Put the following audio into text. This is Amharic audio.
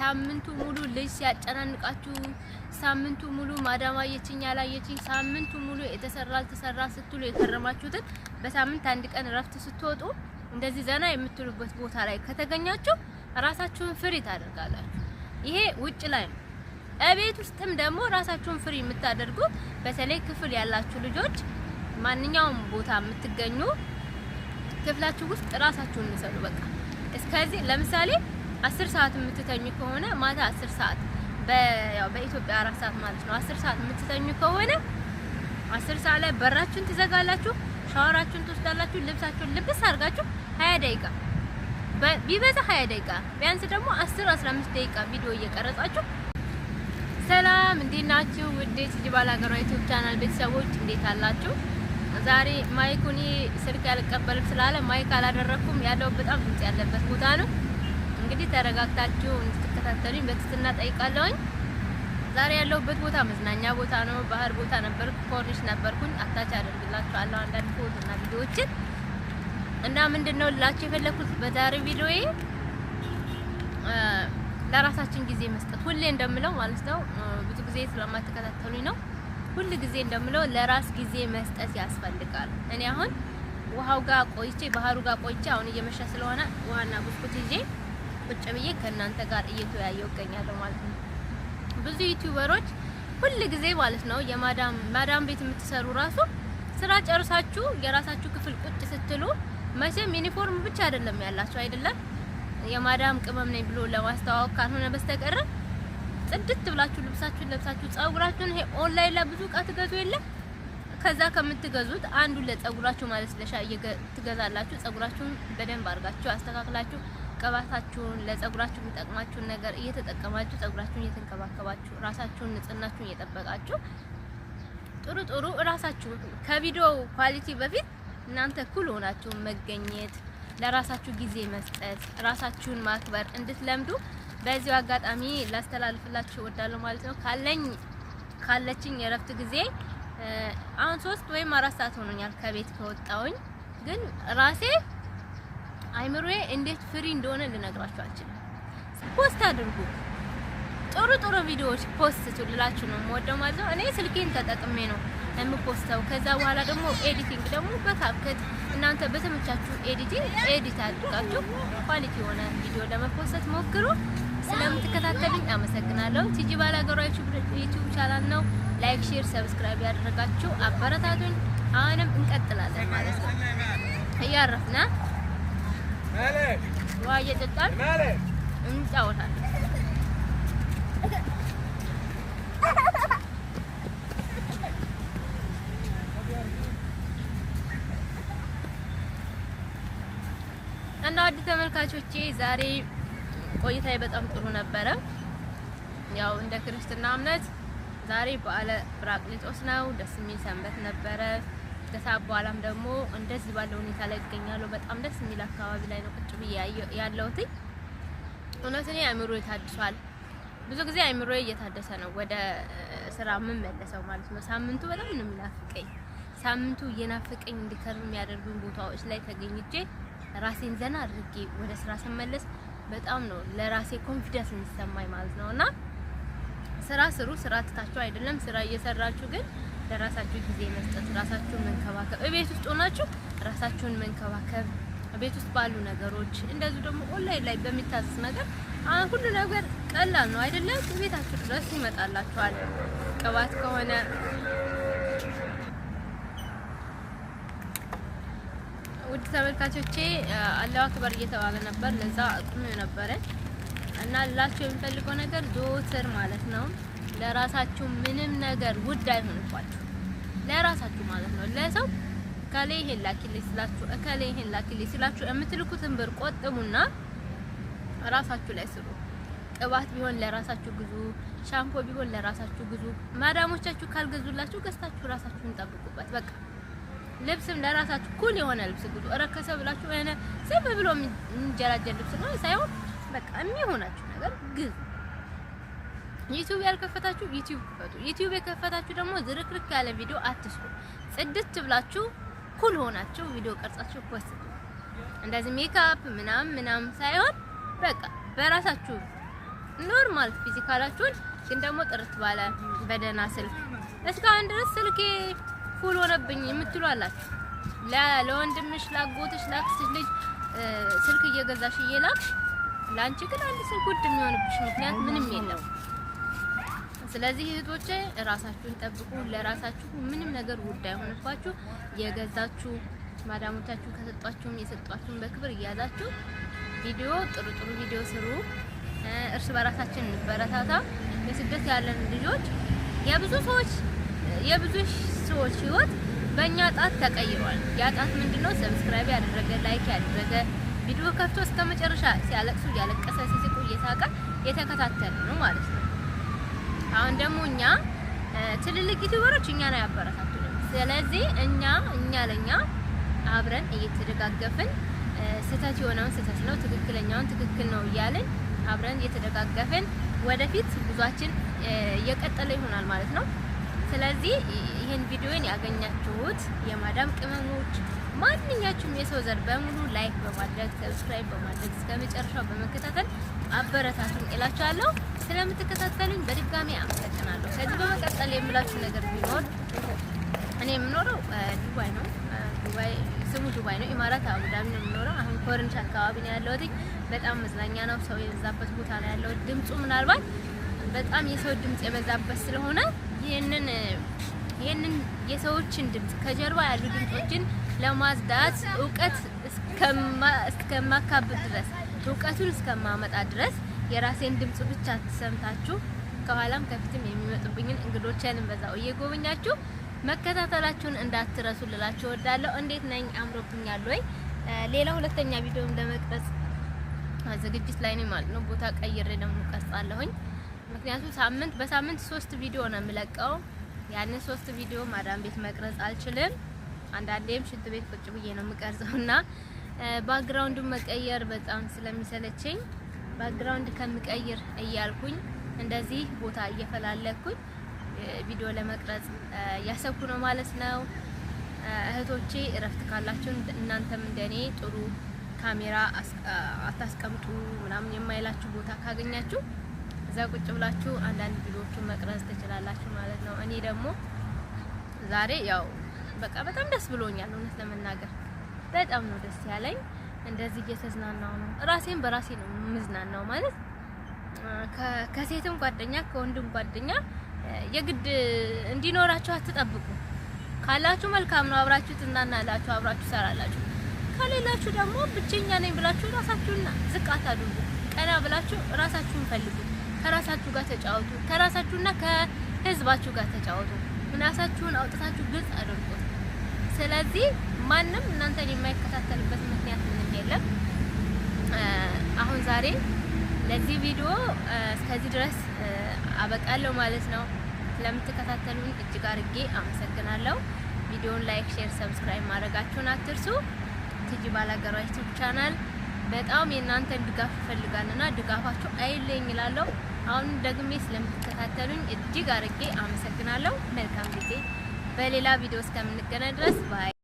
ሳምንቱ ሙሉ ልጅ ሲያጨናንቃችሁ፣ ሳምንቱ ሙሉ ማዳም አየችኝ ያላየችኝ፣ ሳምንቱ ሙሉ የተሰራ አልተሰራ ስትሉ የከረማችሁትን በሳምንት አንድ ቀን እረፍት ስትወጡ እንደዚህ ዘና የምትሉበት ቦታ ላይ ከተገኛችሁ ራሳችሁን ፍሪ ታደርጋላችሁ። ይሄ ውጭ ላይ ነው። እቤት ውስጥም ደግሞ ራሳችሁን ፍሪ የምታደርጉ በተለይ ክፍል ያላችሁ ልጆች ማንኛውም ቦታ የምትገኙ ክፍላችሁ ውስጥ ራሳችሁን እንሰሉ። በቃ እስከዚህ ለምሳሌ አስር ሰዓት የምትተኙ ከሆነ ማታ አስር ሰዓት በኢትዮጵያ አራት ሰዓት ማለት ነው። አስር ሰዓት የምትተኙ ከሆነ አስር ሰዓት ላይ በራችሁን ትዘጋላችሁ፣ ሻወራችሁን ትወስዳላችሁ፣ ልብሳችሁን ልብስ አድርጋችሁ ሀያ ደቂቃ ቢበዛ ሀያ ደቂቃ ቢያንስ ደግሞ አስር አስራ አምስት ደቂቃ ቪዲዮ እየቀረጻችሁ ሰላም እንዴት ናችሁ? ውዴት ጅባል ሀገሯ ዩቱብ ቻናል ቤተሰቦች እንዴት አላችሁ? ዛሬ ማይኩን ስልክ ያልቀበልም ስላለ ማይክ አላደረኩም። ያለው በጣም ድምጽ ያለበት ቦታ ነው እንግዲህ ተረጋግታችሁ እንድትከታተሉኝ በትህትና ጠይቃለሁኝ። ዛሬ ያለሁበት ቦታ መዝናኛ ቦታ ነው። ባህር ቦታ ነበር፣ ኮርኒሽ ነበርኩኝ። አታች አደርግላችኋለሁ አንዳንድ ፎቶ እና ቪዲዮዎችን እና ምንድን ነው ላችሁ የፈለኩት በዛሬ ቪዲዮዬ ለራሳችን ጊዜ መስጠት ሁሌ እንደምለው ማለት ነው። ብዙ ጊዜ ስለማትከታተሉኝ ነው። ሁል ጊዜ እንደምለው ለራስ ጊዜ መስጠት ያስፈልጋል። እኔ አሁን ውሃው ጋር ቆይቼ ባህሩ ጋር ቆይቼ አሁን እየመሸ ስለሆነ ውሃና ጉስኩት ይዤ ቁጭ ብዬ ከእናንተ ጋር እየተወያየው እገኛለሁ ማለት ነው። ብዙ ዩቲዩበሮች ሁል ጊዜ ማለት ነው የማዳም ማዳም ቤት የምትሰሩ ራሱ ስራ ጨርሳችሁ የራሳችሁ ክፍል ቁጭ ስትሉ መቼም ዩኒፎርም ብቻ አይደለም ያላችሁ አይደለም የማዳም ቅመም ነኝ ብሎ ለማስተዋወቅ ካልሆነ በስተቀር ጽድት ብላችሁ ልብሳችሁን ለብሳችሁ ጸጉራችሁን ይሄ ኦንላይን ላይ ብዙ እቃ ትገዙ የለም ከዛ ከምትገዙት አንዱ ለጸጉራችሁ ማለት ስለሻ ትገዛላችሁ። ጸጉራችሁን በደንብ አድርጋችሁ አስተካክላችሁ ቅባታችሁን ለጸጉራችሁ የሚጠቅማችሁን ነገር እየተጠቀማችሁ ጸጉራችሁን እየተንከባከባችሁ ራሳችሁን ንጽህናችሁን እየጠበቃችሁ ጥሩ ጥሩ እራሳችሁ ከቪዲዮ ኳሊቲ በፊት እናንተ ኩል ሆናችሁ መገኘት ለራሳችሁ ጊዜ መስጠት ራሳችሁን ማክበር እንድትለምዱ በዚሁ አጋጣሚ ላስተላልፍላችሁ እወዳለሁ ማለት ነው። ካለኝ ካለችኝ የረፍት ጊዜ አሁን ሶስት ወይም አራት ሰዓት ሆኖኛል ከቤት ከወጣውኝ ግን ራሴ አይምሮዬ እንዴት ፍሪ እንደሆነ ልነግራችሁ አልችልም። ፖስት አድርጉ፣ ጥሩ ጥሩ ቪዲዮዎች ፖስት ትልላችሁ ነው የምወደው ማለት ነው። እኔ ስልኬን ተጠቅሜ ነው የምፖስተው። ከዛ በኋላ ደግሞ ኤዲቲንግ ደግሞ በካፕከት እናንተ በተመቻችሁ ኤዲቲንግ ኤዲት አድርጋችሁ ኳሊቲ የሆነ ቪዲዮ ለመፖስት ሞክሩ። ስለምትከታተሉኝ አመሰግናለሁ። ቲጂ ባላገሩ ዩቲዩብ ቻናል ነው። ላይክ፣ ሼር፣ ሰብስክራይብ ያደረጋችሁ አበረታቱኝ። አሁንም እንቀጥላለን ማለት ነው እያረፍና ውሃ እየጠጣን እንጫወታለን። እና ውድ ተመልካቾቼ ዛሬ ቆይታዬ በጣም ጥሩ ነበረ። ያው እንደ ክርስትና እምነት ዛሬ በዓለ ጰራቅሊጦስ ነው። ደስ የሚል ሰንበት ነበረ። ከሰዓት በኋላም ደግሞ እንደዚህ ባለው ሁኔታ ላይ እገኛለሁ። በጣም ደስ የሚል አካባቢ ላይ ነው ቁጭ ብዬ ያለሁት። እውነት እኔ አእምሮ ታድሷል። ብዙ ጊዜ አእምሮ እየታደሰ ነው ወደ ስራ የምመለሰው ማለት ነው። ሳምንቱ በጣም ነው የሚናፍቀኝ። ሳምንቱ እየናፍቀኝ እንዲከርም የሚያደርጉኝ ቦታዎች ላይ ተገኝቼ ራሴን ዘና አድርጌ ወደ ስራ ስመለስ በጣም ነው ለራሴ ኮንፊደንስ የሚሰማኝ ማለት ነውና ስራ ስሩ። ስራ ትታችሁ አይደለም ስራ እየሰራችሁ ግን ለራሳችሁ ጊዜ መስጠት፣ ራሳችሁን መንከባከብ፣ እቤት ውስጥ ሆናችሁ ራሳችሁን መንከባከብ፣ ቤት ውስጥ ባሉ ነገሮች እንደዚሁ ደግሞ ኦንላይን ላይ በሚታዘዝ ነገር ሁሉ ነገር ቀላል ነው አይደለም? ቤታችሁ ድረስ ይመጣላችኋል። ቅባት ከሆነ ውድ ተመልካቾቼ አላሁ አክበር እየተባለ ነበር፣ ለዛ አቁም ነበረ እና ላችሁ የሚፈልገው ነገር ዞትር ማለት ነው ለራሳችሁ ምንም ነገር ውድ አይሆንባችሁ። ለራሳችሁ ማለት ነው። ለሰው እከሌ ይሄን ላኪልኝ ስላችሁ እከሌ ይሄን ላኪልኝ ስላችሁ የምትልኩትን ብር ቆጥቡና ራሳችሁ ላይ ስሩ። ቅባት ቢሆን ለራሳችሁ ግዙ፣ ሻምፖ ቢሆን ለራሳችሁ ግዙ። ማዳሞቻችሁ ካልገዙላችሁ ገዝታችሁ ራሳችሁን ጠብቁበት። በቃ ልብስም ለራሳችሁ ኩል የሆነ ልብስ ግዙ። እረከሰ ብላችሁ የሆነ ዝም ብሎ የሚንጀላጀል ልብስ ነው ሳይሆን በቃ የሚሆናችሁ ነገር ግዙ። ዩቲዩብ ያልከፈታችሁ ዩቲዩብ ክፈቱ። ዩቲዩብ የከፈታችሁ ደግሞ ዝርክርክ ያለ ቪዲዮ አትስሩ። ጽድት ብላችሁ ኩል ሆናችሁ ቪዲዮ ቀርጻችሁ ፖስት እንደዚህ ሜካፕ ምናምን ምናምን ሳይሆን በቃ በራሳችሁ ኖርማል ፊዚካላችሁን ግን ደግሞ ጥርት ባለ በደህና ስልክ እስካሁን ድረስ ስልኬ ፉል ሆነብኝ የምትሉ አላችሁ። ለወንድምሽ፣ ላጎትሽ፣ ላክስሽ ልጅ ስልክ እየገዛሽ እየላክሽ ለአንቺ ግን አንድ ስልክ ውድ የሚሆንብሽ ምክንያት ምንም የለው። ስለዚህ እህቶቼ ራሳችሁን ጠብቁ። ለራሳችሁ ምንም ነገር ውድ አይሆንባችሁ። የገዛችሁ ማዳሞቻችሁ ከሰጧችሁም የሰጧችሁን በክብር እያዛችሁ ቪዲዮ ጥሩ ጥሩ ቪዲዮ ስሩ። እርስ በራሳችን እንበረታታ። በስደት ያለን ልጆች የብዙ ሰዎች የብዙ ሰዎች ህይወት በእኛ ጣት ተቀይሯል። ያ ጣት ምንድነው? ሰብስክራይብ ያደረገ ላይክ ያደረገ ቪዲዮ ከፍቶ እስከ መጨረሻ ሲያለቅሱ እያለቀሰ ሲስቁ እየሳቀ የተከታተለ ነው ማለት ነው። አሁን ደግሞ እኛ ትልልቅ ዩቲዩበሮች ነው አያበረታቱንም። ስለዚህ እኛ እኛ ለኛ አብረን እየተደጋገፍን ስህተት የሆነውን ስህተት ነው፣ ትክክለኛውን ትክክል ነው እያልን አብረን እየተደጋገፍን ወደፊት ጉዟችን እየቀጠለ ይሆናል ማለት ነው። ስለዚህ ይህን ቪዲዮን ያገኛችሁት የማዳም ቅመሞች ማንኛችሁም የሰው ዘር በሙሉ ላይክ በማድረግ ሰብስክራይብ በማድረግ እስከመጨረሻው በመከታተል አበረታቱን እላችኋለሁ። ስለምትከታተሉኝ በድጋሚ አመሰግናለሁ። ከዚህ በመቀጠል የምላችሁ ነገር ቢኖር እኔ የምኖረው ዱባይ ነው። ዱባይ ስሙ ዱባይ ነው፣ ኢማራት አቡዳቢ ነው የምኖረው። አሁን ኮርንሽ አካባቢ ነው ያለሁት። በጣም መዝናኛ ነው፣ ሰው የበዛበት ቦታ ነው ያለሁት። ድምፁ ምናልባት በጣም የሰው ድምፅ የበዛበት ስለሆነ ይህንን ይህንን የሰዎችን ድምጽ ከጀርባ ያሉ ድምጾችን ለማጽዳት እውቀት እስከማካብ ድረስ እውቀቱን እስከማመጣ ድረስ የራሴን ድምጽ ብቻ ትሰምታችሁ ከኋላም ከፊትም የሚመጡብኝን እንግዶችንም በዛው እየጎበኛችሁ መከታተላችሁን እንዳትረሱ ልላችሁ እወዳለሁ። እንዴት ነኝ? አምሮብኛል ወይ? ሌላ ሁለተኛ ቪዲዮም ለመቅረጽ ዝግጅት ላይ ነኝ ማለት ነው። ቦታ ቀይሬ ደግሞ ቀርጻለሁኝ። ምክንያቱም ሳምንት በሳምንት ሶስት ቪዲዮ ነው የምለቀው። ያንን ሶስት ቪዲዮ ማዳም ቤት መቅረጽ አልችልም። አንዳንዴም ሽንት ቤት ቁጭ ብዬ ነው የምቀርጸውና ባክግራውንዱ መቀየር በጣም ስለሚሰለቸኝ ባክግራውንድ ከምቀይር እያልኩኝ እንደዚህ ቦታ እየፈላለኩኝ ቪዲዮ ለመቅረጽ እያሰብኩ ነው ማለት ነው። እህቶቼ እረፍት ካላችሁ እናንተም እንደኔ ጥሩ ካሜራ አታስቀምጡ ምናምን የማይላችሁ ቦታ ካገኛችሁ እዛ ቁጭ ብላችሁ አንዳንድ ቪዲዮዎችን መቅረጽ ትችላላችሁ ማለት ነው። እኔ ደግሞ ዛሬ ያው በቃ በጣም ደስ ብሎኛል። እውነት ለመናገር በጣም ነው ደስ ያለኝ። እንደዚህ እየተዝናናው ነው። ራሴን በራሴ ነው የምዝናናው ማለት ከሴትም ጓደኛ ከወንድም ጓደኛ የግድ እንዲኖራችሁ አትጠብቁ። ካላችሁ መልካም ነው፣ አብራችሁ ትናናላችሁ፣ አብራችሁ ሰራላችሁ። ከሌላችሁ ደግሞ ብቸኛ ነኝ ብላችሁ ራሳችሁን ዝቅ አታድርጉ። ቀና ብላችሁ ራሳችሁን ፈልጉ። ከራሳችሁ ጋር ተጫወቱ። ከራሳችሁና ከህዝባችሁ ጋር ተጫወቱ። ምናሳችሁን አውጥታችሁ ግልጽ አድርጉት። ስለዚህ ማንም እናንተን የማይከታተልበት ምክንያት ምንም የለም። አሁን ዛሬ ለዚህ ቪዲዮ እስከዚህ ድረስ አበቃለሁ ማለት ነው። ስለምትከታተሉን እጅግ አርጌ አመሰግናለሁ። ቪዲዮውን ላይክ፣ ሼር፣ ሰብስክራይብ ማድረጋችሁን አትርሱ። ቲጂ ባላገሯ ዩቲዩብ ቻናል በጣም የእናንተን ድጋፍ ይፈልጋልና ድጋፋችሁ አይለኝ ይላለሁ አሁን ደግሜ ስለምትከታተሉኝ እጅግ አርጌ አመሰግናለሁ። መልካም ጊዜ። በሌላ ቪዲዮ እስከምንገናኝ ድረስ ባይ